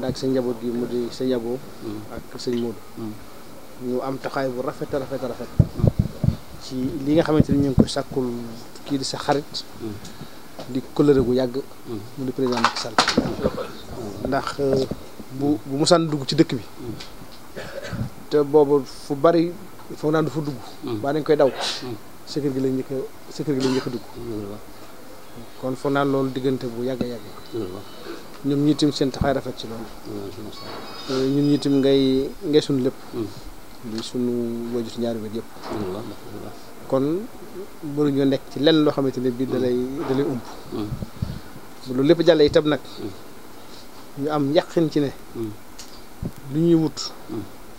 ànd ak sa njaboot gi mu di sa yaboo mm. ak sëñ Modou mm. ñu am taxaay bu rafet rafet rafet mm. ci li nga xamante ni ñu ngi ko sàkkul kii di sa xarit di coloré gu yàgg mu di président Macky ndax euh, bu bu musaan dugg ci dëkk bi te boobu fu bari foog naan du fa dugg baa dañ koy daw sa kër gi lañ njëkk sa kër gi lañ njëkk a dugg kon foog naan loolu diggante bu yàgg yàgg ñoom ñu itam seen taxawaay rafet ci loolu. Mm. ñun ñu itam ngay ngay sunu lépp. Mm. di sunu wajut ñaari wér yëpp. kon mënuñoo nekk ci lenn loo xamante ne bii da lay da ump. Mm. loolu lépp jàll itam nag. ñu am yàqin ci ne. lu ñuy wut.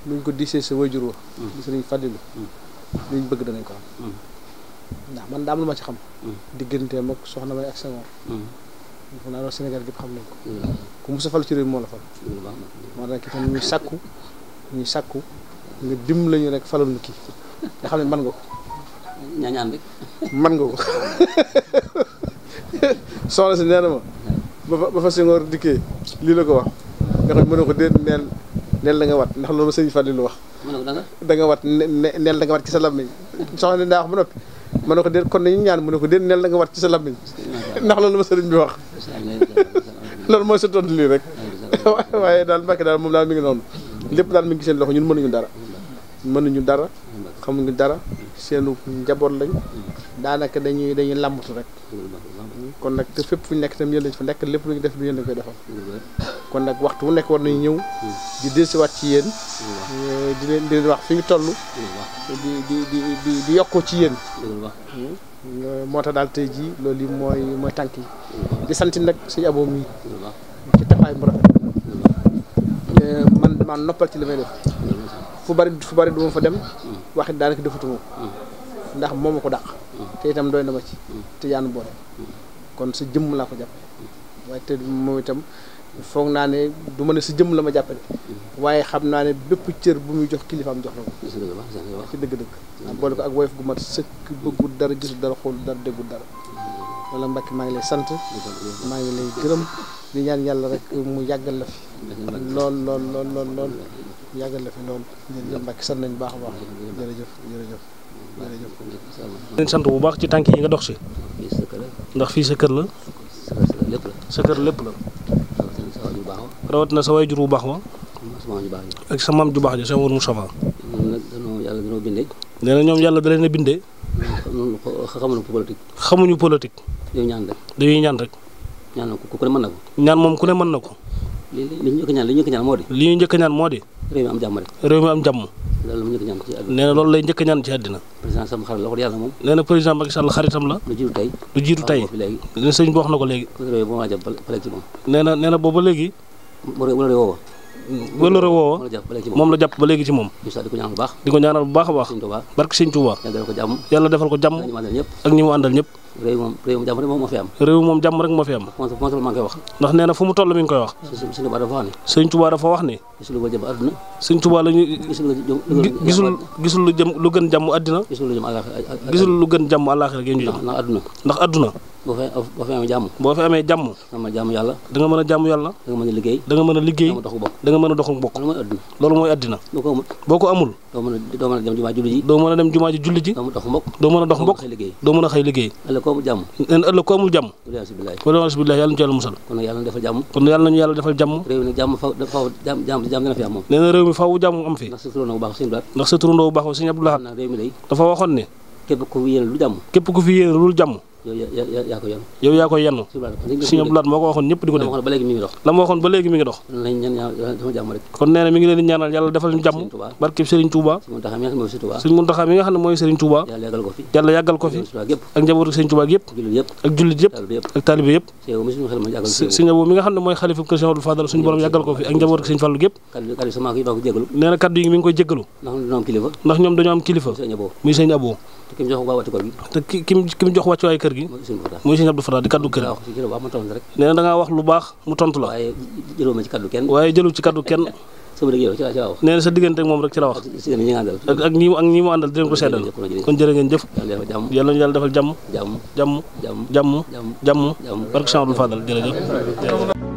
luñ ko diisee sa wajur wa. di sëriñ Fàdilu. luñ bëgg danañ ko am. ndax man daam lu ma ci xam. digganteem ak soxna may ak sa defe naa loolu Sénégal gépp xam nañ ko hmm. ku musa fal ci réew la fal hmm, moo rek itam ñuy sàkku ñuy sàkku nga dim lañu rek falal nu kii nga xam man nga ko ñañaan man nga ko soxna si nee na ma ba fa ba dikkee lii la ko wax nga xam mënoo ko déet neel neel da nga wat ndax loolu sëñ Fallou lu wax da nga wat neel da nga wat ci sa lammiñ soxna ni daa wax ba noppi mënoo ko déet kon nañu ñaan mënoo ko déet neel da nga wat ci sa lammiñ ndax loolu ma sëriñ bi wax loolu mooy sa tontu lii rek waaye daal Mbàkke daal moom daal mi ngi noonu lépp daal mi ngi seen loxo ñun mënuñu dara mënuñu dara xamuñu dara seenu njaboot lañ daanaka dañuy dañuy làmbatu rek kon nag te fépp fu ñu nekk tam yéen lañ fa nekk lépp lu ñu def du yéen lañ koy defal kon nag waxtu wu nekk war nañu ñëw di dellusiwaat ci yéen di leen wax fi ñu toll di di di di di yokkoo ci yéen Euh, moo tax daal tey jii loolu yi mooy mooy tànk yi di santi nag suñu aboo mii ci taxawaay bu rafet euh, man maa noppal ci li def fu bari fu bari duma fa dem waxit daanaka defatuma ndax moom a ko dàq te itam doy na ma ci te yaanu boole kon sa jëmm laa ko jàppe waaye te moom itam foog naa ne du ma ne sa jëmm la ma jàppale waaye xam naa ne bépp cër bu muy jox kilifaam jox na ko ci dëgg-dëgg boole ko ak woyof gu mat sëkk bëggul dara gisul dara xool dara déggul dara wala Mbacke maa ngi lay sant maa ngi lay gërëm di ñaan yàlla rek mu yàggal la fi lool lool lool lool lool yàggal la fi lool jërëjëf Mbacke sant nañ baax a baax jërëjëf jërëjëf jërëjëf leen sant bu baax ci tànk yi nga dox si ndax fii sa kër la sa kër lépp la baax wa. rawat na sa waajur bu baax wa. ak sa maam ju baax ja sa Mor Moustapha. ñoom nag ñoom yàlla dañoo bindee. nee na ñoom yàlla da leen a bindee. xamuñu politique. xamuñu politique. dañuy ñaan rek. dañuy ñaan rek. ñaan moom ku ne mën na ko. ñaan moom ku ne mën na ko. li li ñu njëkk ñaan li ñu njëkk ñaan moo di. li ñu njëkk ñaan moo di. réew mi am jàmm rek. réew mi am jàmm. loolu mu njëkk ñaan ci àdduna nee na loolu lay njëkk ñaan ci àddina président sama xarit la wax yàlla moom nee na xaritam la lu jiitu tey lu jiitu tey léegi sëñ bi wax na ko léegi nee na nee na booba léegi wëlëre woowa moom la jàpp ba léegi ci moom di ko ñaanal bu baax a baax barke sëñ Tuuba yàlla defal ko jàmm ak ñi mu àndal ñëpp réew moom réew moom jàmm rek moo fi am ndax nee na fu mu toll mi ngi koy wax sëñ Tuuba dafa wax ni sëñ Tuuba la gisul gisul lu jëm lu gën jàmm àddina gisul lu gën jàmm àllaaxira gi ñu jëm ndax àdduna boo fee boo fee amee jàmm boo fee amee jàmm am na da mën a jàmm yàlla da mën a jàmm neen réew mi faw jàmm am fi ndax sa turandoo bu baax sëñ Abdoulaye ndax dafa waxoon ne képp ku fi yéene lu jàmm képp ku fi yéene lu jàmm yow yaa ko yenn yow yaa ko moo ko waxoon ñëpp di ko dégg la ma waxoon ba léegi mi ngi dox kon nee na ngi leen di ñaanal yàlla defal ñu jàmm barkeb Sëriñ Tuuba Sëriñ Muntaxa mi nga xam ne mooy Sëriñ Tuuba yàlla yàggal ko fi ak njabootu Sëriñ Tuuba Fallu yëpp nee na kaddu yi mi ngi koy jéggalu ndax ñoom dañoo am kilifa muy Sëriñ Abdou te ki mu jox wàccuwaay kër kër gi muy sëñ Abdou Fatah di kaddu kër nee na da wax lu baax mu tontu la waaye jëlu ci kaddu kenn nee sa diggante moom rek ci la wax ak ak mu àndal di leen ko seddal kon jërë ngeen jëf yàlla yàlla defal jàmm jàmm jàmm jàmm jàmm barke sëñ Abdou Fadal jërëjëf